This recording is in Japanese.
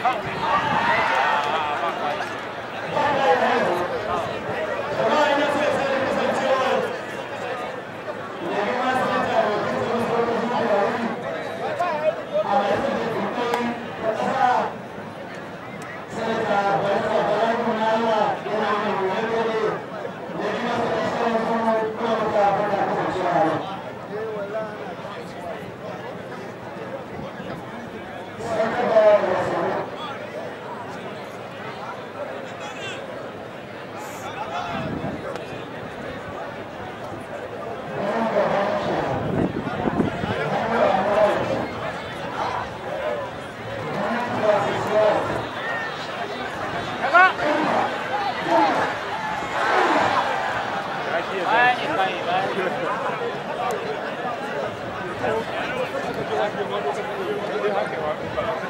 Thank y Oh, Thank you.